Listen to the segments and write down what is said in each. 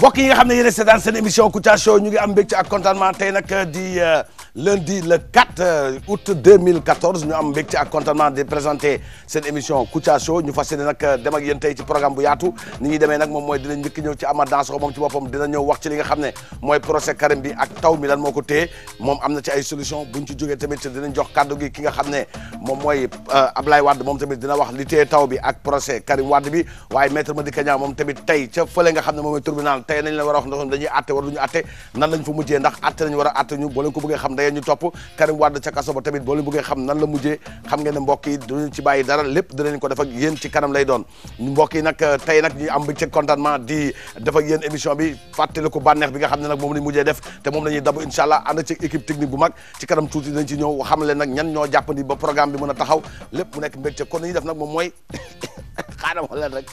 mbokk yi nga xam ne yéen a seetaan seen émission Kouthia Show ñu ngi am mbégte ak contentement tey nag euh, di euh, lundi le 4 euh, août 2014 ñu am mbégte ak contentement di présenter seen émission Kouthia Show ñu fas yéene nag euh, dem tey ci programme bu yaatu ni ñuy demee nag moom mooy dinañ njëkk ñëw ci Amath Dansokho moom ci boppam dina ñëw wax ci li nga xam ne moom na ci moom mooy euh, Ablaye Wade moom tamit dina wax li téye taw bi ak procès Karim Wade bi waaye maître Madické Niang moom tamit tey ca fële nga xam ne moom mooy tribunal tey nañ la war a wax ndax dañuy atte da ñu topp Karim Wade ca kaso ba tamit boo leen bëggee xam nan la mujjee xam ngeen ne mbokk yi duñu ci bàyyi dara lépp dinañ ko def ak yéen ci kanam lay doon mbokk yi nag tey nag ñu am bi ci contentement di dafa ak émission bi fàttali ko bànneex bi nga xam ne nag moom lañ mujjee def te moom lañuy dabu incha allah ànd ci équipe technique bu mag ci kanam tuuti dinañ ci ñëw xam leen nag ñan ñoo jàppandi ba programme bi mën a taxaw lépp mu nekk mbégte kon nañu def nag moom mooy xaaral ma leen rek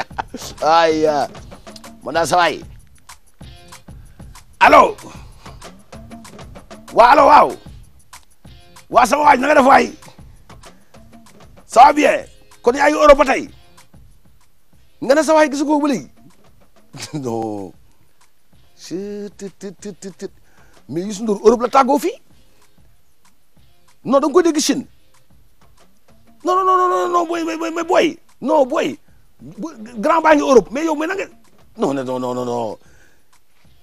ay mën waa allo waaw waa sama waaj na nga def waay ça bien kon yaa ngi Europe ba tey nga ne sa waay gisu ko ba léegi non mais Youssou Ndour Europe la tàggoo fii non da ko koy dégg Chine non non non non non booy booy booy non booy grand baa Europe mais yow mais na nga non non non non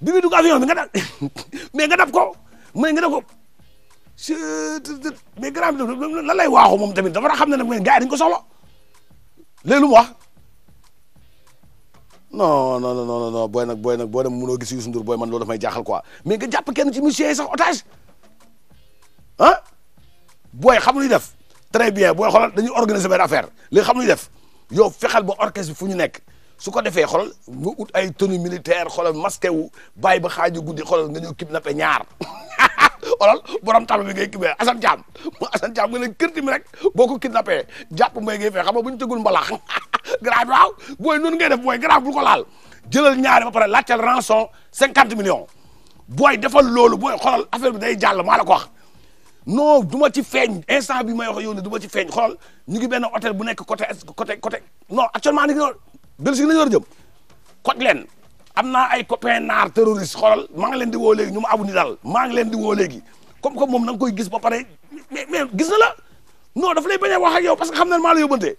bi avion bi nga dab mais nga ko. may nga ne ko si mais grand bi la lay waaxu moom tamit dafa xam ne nag gars yi dañu ko soxla léegi wax non non non non booy nag booy nag boo dem mënoo gis Youssou Ndour booy man loolu daf may jaaxal quoi mais nga jàpp kenn ci monsieur yi sax otage booy xam lu def très bien booy xoolal dañuy organiser benn affaire li xam lu def yow fexal ba orchestre bi fu ñu nekk. su ko defee xoolal mu ut ay tenue militaire xoolal masqué wu bàyyi ba xaaju guddi xoolal nga ñëw kidnappé ñaar olol borom tam bi ngay kii bee Assane Thiam mu Assane Thiam nga ne kër rek boo ko kidnappé jàpp mbay ngay fee xam nga bu ñu tëggul mbalaax grave waaw booy noonu ngay def booy grave bul ko laal jëlal ñaari ba pare laajteel rançon cinquante millions booy defal loolu booy xolal affaire bi day jàll maa la ko wax non du ma ci feeñ instant bi ma wax yow ne du ci feeñ xolal ñu ngi benn hôtel bu nekk côté côté côté non actuellement ni ngi doon Belgique la ñu war a jëm koj leen am naa ay copain naar terroriste xoolal maa ngi leen di woo léegi ñu ma abu ni daal maa ngi leen di woo léegi comme comme moom na nga koy gis ba pare mais mais gis na la non daf leey ba a wax ak yow parce que xam na maa la yóbbante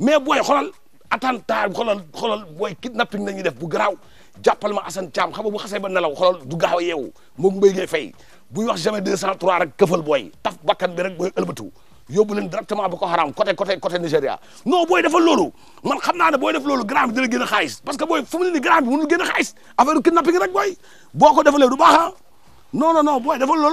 mais booy xoolal attentat xoolal xoolal booy kidnapping nañuy def bu garaaw jàppal ma Assane Thiam xam bu xasee ba nelaw xoolal du gaaw a yeewu moom mbéy ngay fay buy wax jamais deux cent trois rek këfal booy taf bakkan bi rek booy yóbbu leen directement bu ko xaraam côté côté côté Nigéria non booy loolu man xam naa ne booy def loolu grand bi dina gën parce que booy fu mu ne nii grand a xaalis kidnapping rek booy boo ko defalee du baax ah non non non booy loolu.